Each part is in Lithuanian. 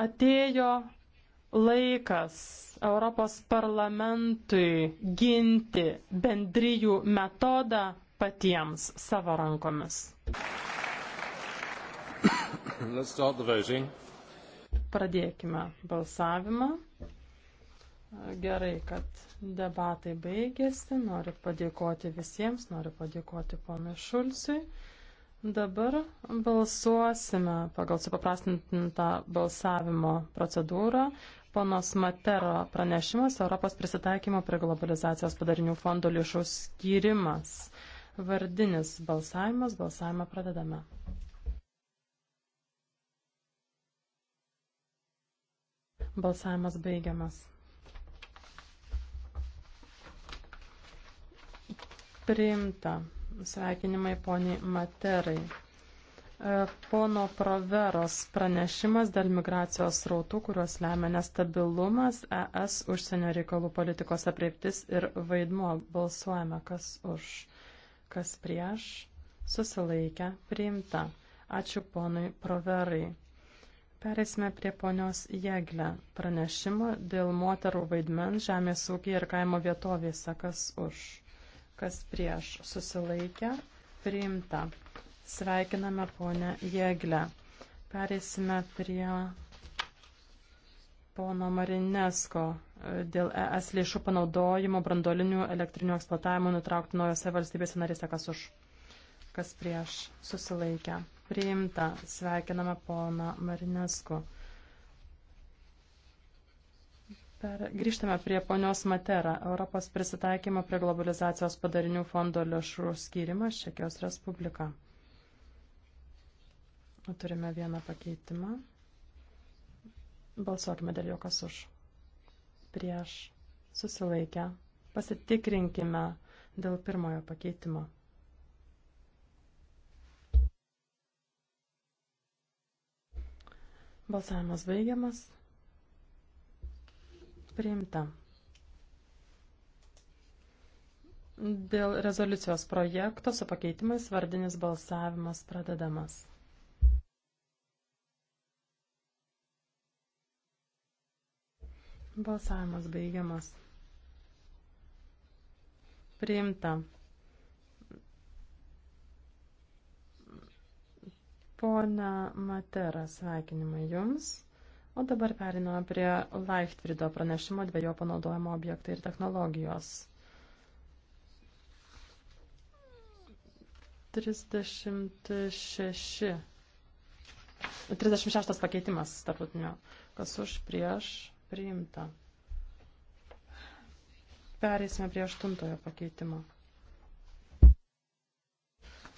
atėjo laikas Europos parlamentui ginti bendrijų metodą patiems savo rankomis. Pradėkime balsavimą. Gerai, kad debatai baigėsi. Noriu padėkoti visiems, noriu padėkoti ponui Šulsiui. Dabar balsuosime pagal supaprastintą balsavimo procedūrą. Ponos Matero pranešimas Europos prisitaikymo prie globalizacijos padarinių fondo lėšų skyrimas. Vardinis balsavimas. Balsavimą pradedame. Balsavimas baigiamas. Priimta. Sveikinimai poniai Materai. E, pono Proveros pranešimas dėl migracijos rautų, kuriuos lemia nestabilumas, ES užsienio reikalų politikos apreiptis ir vaidmuo. Balsuojame, kas už, kas prieš. Susilaikę, priimta. Ačiū ponui Proverai. Pereisime prie ponios Jeglę pranešimo dėl moterų vaidmens žemės ūkiai ir kaimo vietovėse, kas už kas prieš susilaikė, priimta. Sveikiname ponę Jėglę. Pereisime prie pono Marinesko dėl ES lėšų panaudojimo brandolinių elektrinių eksploatavimų nutraukti naujose valstybėse narėse, kas už, kas prieš, susilaikę. Priimta, sveikiname poną Marinesku. Per, grįžtame prie ponios Matera, Europos prisitaikymo prie globalizacijos padarinių fondo lėšų skyrimas Čekijos Respublika. Turime vieną pakeitimą. Balsuokime dėl jo, kas už. Prieš. Susilaikę. Pasitikrinkime dėl pirmojo pakeitimo. Balsavimas baigiamas. Priimta. Dėl rezoliucijos projekto su pakeitimais vardinis balsavimas pradedamas. Balsavimas baigiamas. Priimta. Pone Matera, sveikinimai Jums. O dabar periname prie Laichtfrido pranešimo dviejų panaudojimo objektai ir technologijos. 36. 36 pakeitimas tarptautinio. Kas už prieš priimta. Pereisime prie aštuntojo pakeitimo.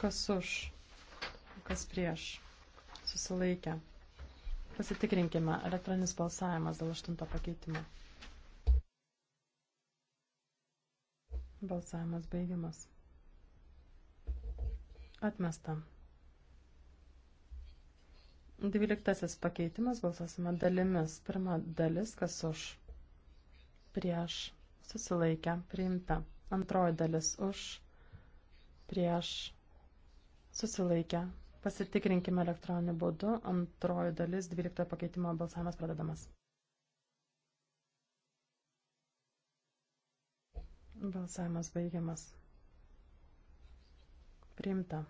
Kas už, kas prieš. Susilaikę. Pasitikrinkime elektroninis balsavimas dėl aštunto pakeitimo. Balsavimas baigiamas. Atmesta. Dvyliktasis pakeitimas balsuosime dalimis. Pirma dalis, kas už, prieš, susilaikę, priimta. Antroji dalis už, prieš, susilaikę, Pasitikrinkime elektroniniu būdu. Antroji dalis 12 pakeitimo balsavimas pradedamas. Balsavimas baigiamas. Priimta.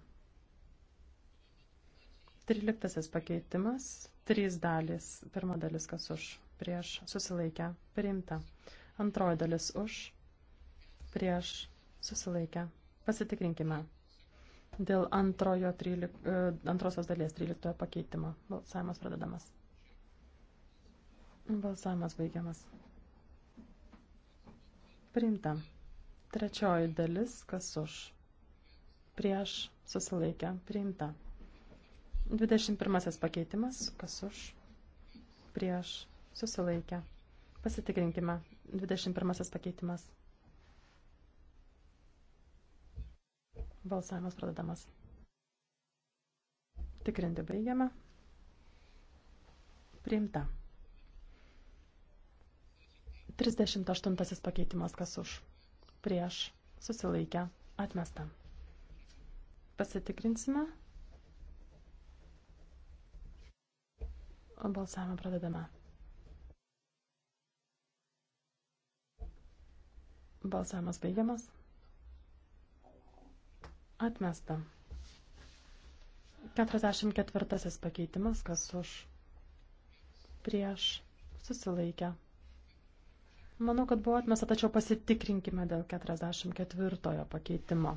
13 pakeitimas. 3 dalis. Pirma dalis kas už. Prieš. Susilaikę. Priimta. Antroji dalis už. Prieš. Susilaikę. Pasitikrinkime. Dėl antrojo 13, e, antrosios dalies 13 pakeitimo balsavimas pradedamas. Balsavimas baigiamas. Priimta. Trečioji dalis, kas už. Prieš susilaikę. Priimta. 21 pakeitimas, kas už. Prieš susilaikę. Pasitikrinkime. 21 pakeitimas. Balsavimas pradedamas. Tikrinti baigiame. Priimta. 38 pakeitimas kas už. Prieš. Susilaikę. Atmesta. Pasitikrinsime. Balsavimą pradedame. Balsavimas baigiamas. Atmesta. 44 pakeitimas, kas už prieš susilaikę. Manau, kad buvo atmesta, tačiau pasitikrinkime dėl 44 pakeitimo.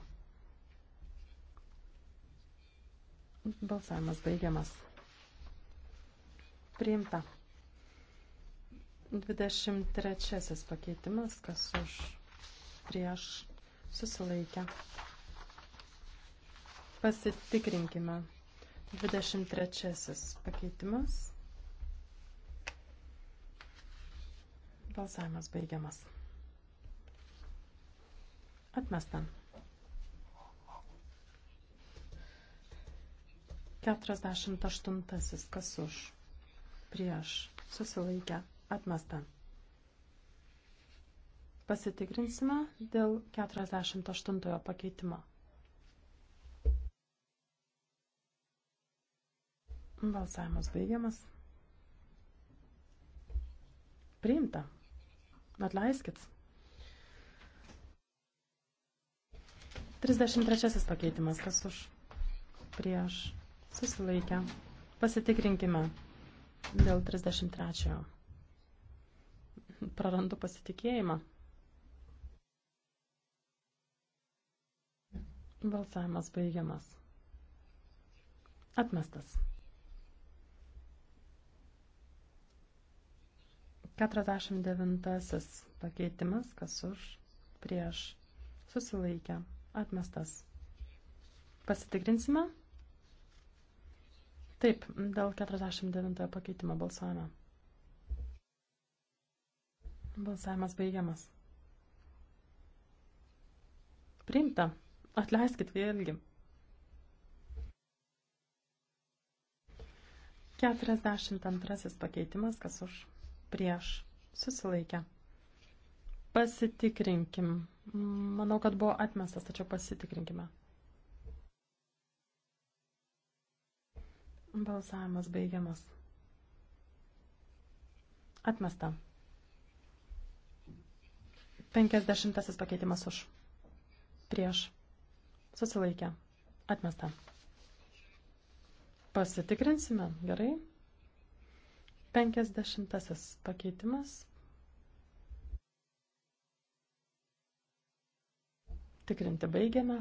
Balsavimas baigiamas. Priimta. 23 pakeitimas, kas už prieš susilaikę Pasitikrinkime. 23 pakeitimas. Balsavimas baigiamas. Atmesta. 48. Kas už? Prieš. Susilaikę. Atmesta. Pasitikrinsime dėl 48 pakeitimo. Balsavimas baigiamas. Priimta. Atleiskit. 33 pakeitimas. Kas už? Prieš. Susilaikę. Pasitikrinkime dėl 33. Prarandu pasitikėjimą. Balsavimas baigiamas. Atmestas. 49 pakeitimas, kas už, prieš, susilaikę, atmestas. Pasitikrinsime. Taip, dėl 49 pakeitimo balsuojame. Balsavimas baigiamas. Priimta. Atleiskit vėlgi. 42 pakeitimas, kas už prieš susilaikę. Pasitikrinkim. Manau, kad buvo atmestas, tačiau pasitikrinkime. Balsavimas baigiamas. Atmesta. 50 pakeitimas už. Prieš. Susilaikė. Atmesta. Pasitikrinsime. Gerai. Penkiasdešimtasis pakeitimas. Tikrinti baigiame.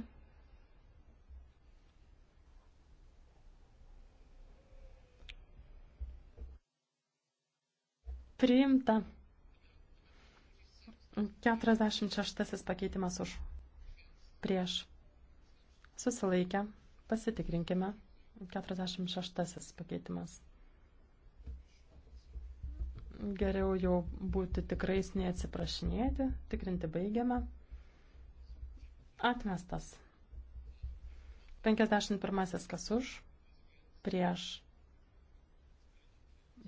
Priimta. 46 pakeitimas už. Prieš. Susilaikę. Pasitikrinkime. 46 pakeitimas. Geriau jau būti tikrais neatsiprašinėti. Tikrinti baigiame. Atmestas. 51 kas už, prieš.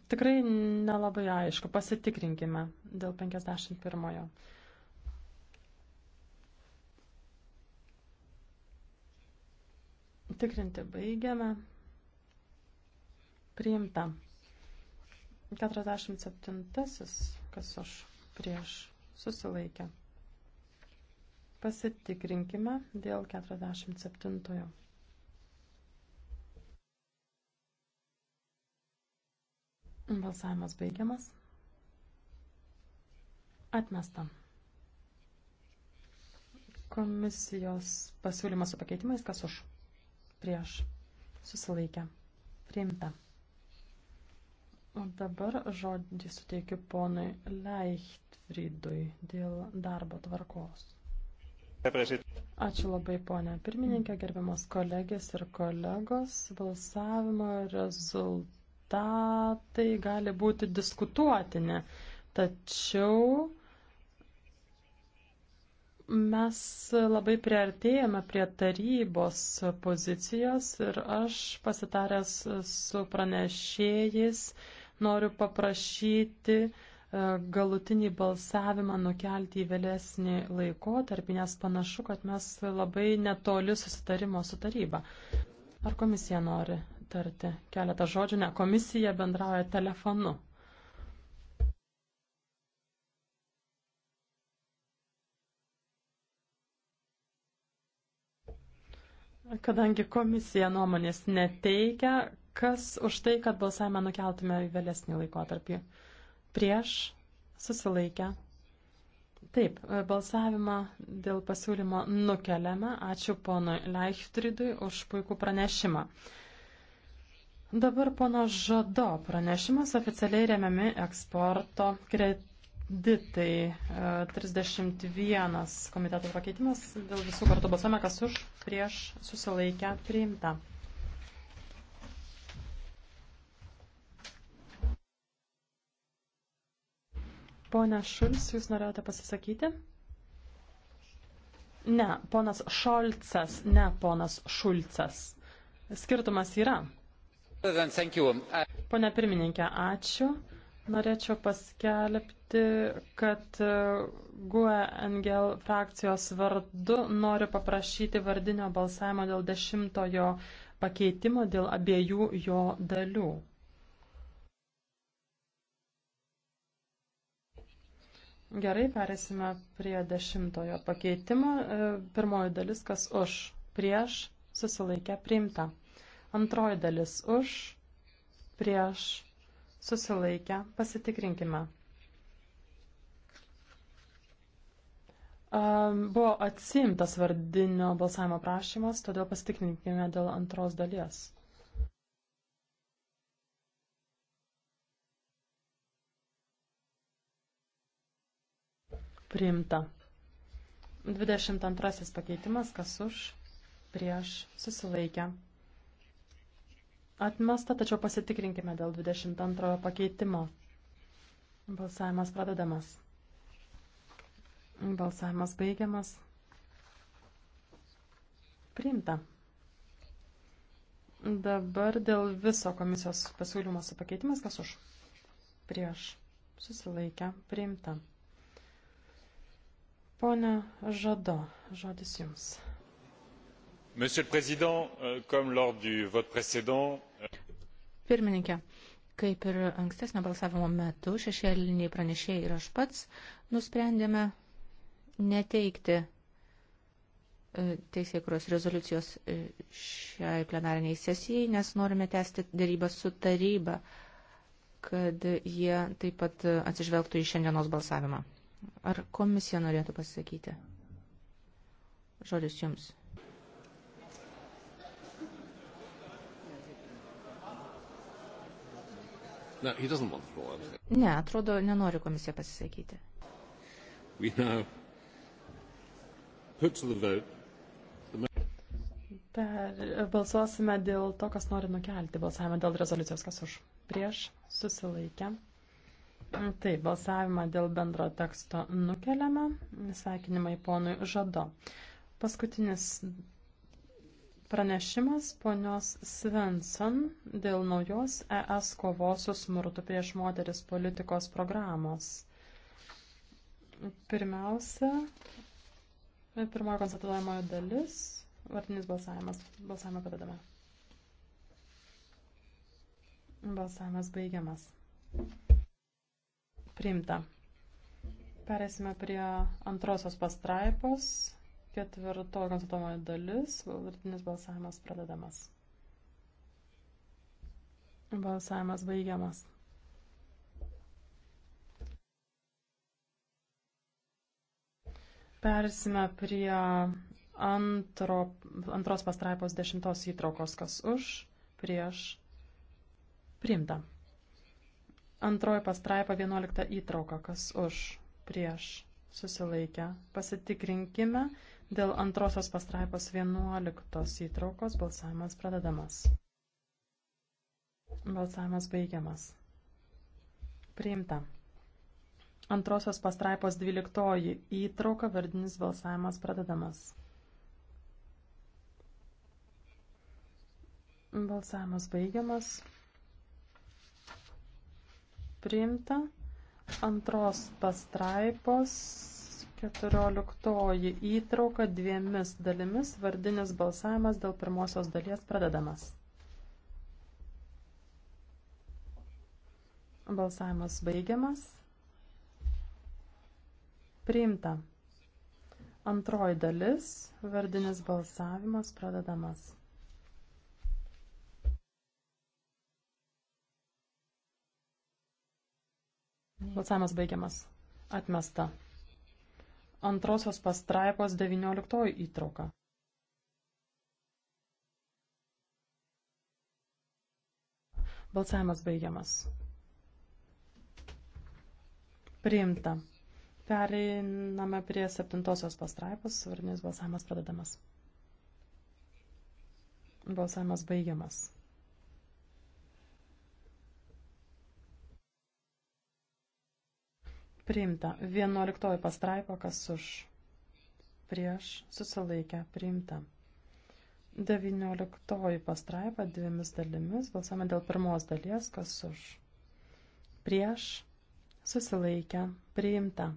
Tikrai nelabai aišku. Pasitikrinkime dėl 51. Tikrinti baigiame. Priimta. 47. Kas už prieš susilaikė. Pasitikrinkime dėl 47. Balsavimas baigiamas. Atmestam komisijos pasiūlymas su pakeitimais, kas už, prieš, susilaikę, priimta. O dabar žodį suteikiu ponui Leichtfriedui dėl darbo tvarkos. Ačiū labai, ponia pirmininkė, gerbiamas kolegės ir kolegos. Balsavimo rezultatai gali būti diskutuotini, tačiau mes labai priartėjame prie tarybos pozicijos ir aš pasitaręs su pranešėjais noriu paprašyti e, galutinį balsavimą nukelti į vėlesnį laikotarpį, nes panašu, kad mes labai netoli susitarimo su taryba. Ar komisija nori tarti keletą žodžių? Ne, komisija bendrauja telefonu. Kadangi komisija nuomonės neteikia, kas už tai, kad balsavimą nukeltume į vėlesnį laikotarpį? Prieš susilaikę. Taip, balsavimą dėl pasiūlymo nukeliame. Ačiū ponui Leichtridui už puikų pranešimą. Dabar pono Žado pranešimas oficialiai remiami eksporto kreditai. Ditai 31 e, komiteto pakeitimas dėl visų kartų balsuojame, kas už prieš susilaikę priimta. Pone Šuls, jūs norėjote pasisakyti? Ne, ponas Šolcas, ne ponas Šulcas. Skirtumas yra. Pone pirmininkė, ačiū. Norėčiau paskelbti, kad e, GUE NGL frakcijos vardu noriu paprašyti vardinio balsavimo dėl dešimtojo pakeitimo dėl abiejų jo dalių. Gerai, perėsime prie dešimtojo pakeitimo. E, pirmoji dalis, kas už, prieš, susilaikę priimta. Antroji dalis už, prieš, susilaikę, pasitikrinkime. Buvo atsimtas vardinio balsavimo prašymas, todėl pasitikrinkime dėl antros dalies. Priimta. 22 pakeitimas, kas už, prieš, susilaikę, Atmesta, tačiau pasitikrinkime dėl 22 pakeitimo. Balsavimas pradedamas. Balsavimas baigiamas. Priimta. Dabar dėl viso komisijos pasiūlymo su pakeitimas, kas už? Prieš. Susilaikę. Priimta. Pone Žado, žodis jums. Monsieur le Président, euh, comme lors du vote précédent. Euh, Pirmininkė, kaip ir ankstesnio balsavimo metu, šešėliniai pranešėjai ir aš pats nusprendėme neteikti e, teisėkuros rezoliucijos e, šiai plenariniai sesijai, nes norime tęsti dėrybą su taryba, kad jie taip pat atsižvelgtų į šiandienos balsavimą. Ar komisija norėtų pasisakyti? Žodis jums. No, he doesn't want the floor. Ne, atrodo, nenori komisija pasisakyti. We now put to the vote Per, balsuosime dėl to, kas nori nukelti balsavimą dėl rezoliucijos, kas už prieš susilaikę. Taip, balsavimą dėl bendro teksto nukeliame. Sveikinimai ponui Žado. Paskutinis Pranešimas ponios Svensson dėl naujos ES kovos su smurtu prieš moteris politikos programos. Pirmiausia, pirmoji konstatuojamojo dalis, vartinis balsavimas. Balsavimą padedame. Balsavimas baigiamas. Priimta. Perėsime prie antrosios pastraipos. Ketvirto konsultuojamoji dalis, vardinis balsavimas pradedamas. Balsavimas baigiamas. Persime prie antro, antros pastraipos dešimtos įtraukos, kas už, prieš, priimta. Antroji pastraipa vienuolikta įtrauka, kas už, prieš, susilaikę. Pasitikrinkime Dėl antrosios pastraipos 11 įtraukos balsavimas pradedamas. Balsavimas baigiamas. Priimta. Antrosios pastraipos 12 įtrauka vardinis balsavimas pradedamas. Balsavimas baigiamas. Priimta. Antros pastraipos Keturioliktoji įtrauka dviemis dalimis vardinis balsavimas dėl pirmosios dalies pradedamas. Balsavimas baigiamas. Priimta. Antroji dalis vardinis balsavimas pradedamas. Balsavimas baigiamas. Atmesta antrosios pastraipos 19 įtrauka. Balsavimas baigiamas. Priimta. Pereiname prie septintosios pastraipos. Vardinis balsavimas pradedamas. Balsavimas baigiamas. priimta. 11 pastraipa, kas už, prieš, susilaikę, priimta. 19 pastraipa dviemis dalimis, balsame dėl pirmos dalies, kas už, prieš, susilaikę, priimta.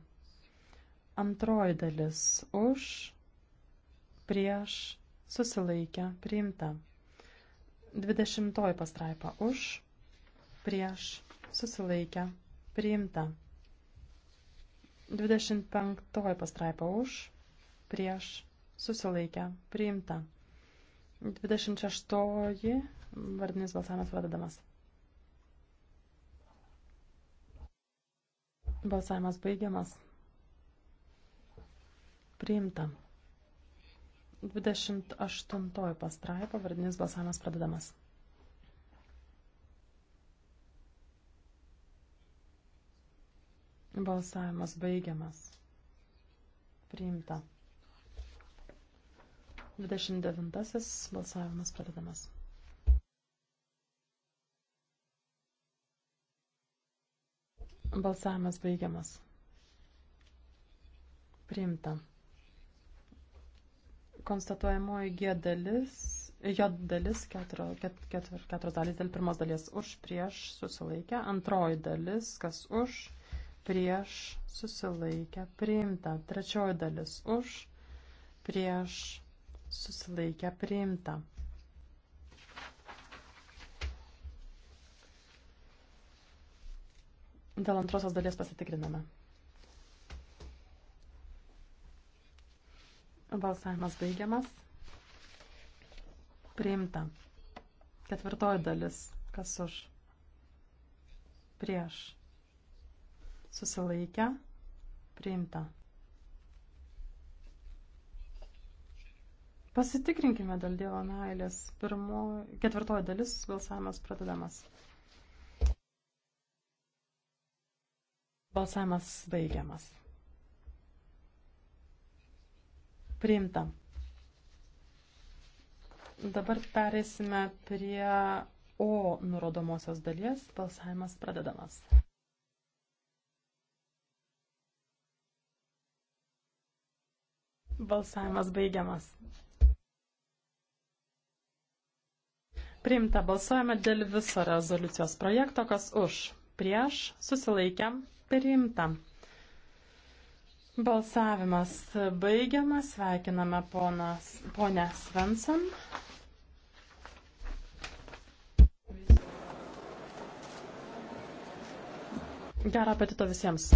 Antroji dalis už, prieš, susilaikę, priimta. 20 pastraipa už, prieš, susilaikę, priimta. 25 pastraipa už, prieš, susilaikę, priimta. 26 vardinis balsavimas pradedamas. Balsavimas baigiamas. Priimta. 28 pastraipa vardinis balsavimas pradedamas. Balsavimas baigiamas. Priimta. 29. Balsavimas pradedamas. Balsavimas baigiamas. Priimta. Konstatuojamoji G dalis, J dalis, keturios ket, dalis dėl pirmos dalies už, prieš, susilaikę. Antroji dalis, kas už, prieš susilaikę priimta. Trečioji dalis už prieš susilaikę priimta. Dėl antrosios dalies pasitikriname. Balsavimas baigiamas. Priimta. Ketvirtoji dalis. Kas už? Prieš susilaikę, priimta. Pasitikrinkime dėl Dievo meilės. Pirmo, ketvirtoji dalis balsavimas pradedamas. Balsavimas baigiamas. Priimta. Dabar perėsime prie O nurodomosios dalies. Balsavimas pradedamas. Balsavimas baigiamas. Priimta balsuojame dėl viso rezoliucijos projekto, kas už, prieš, susilaikę, priimta. Balsavimas baigiamas, sveikiname ponas, ponę Svensson. Gerą apetito visiems.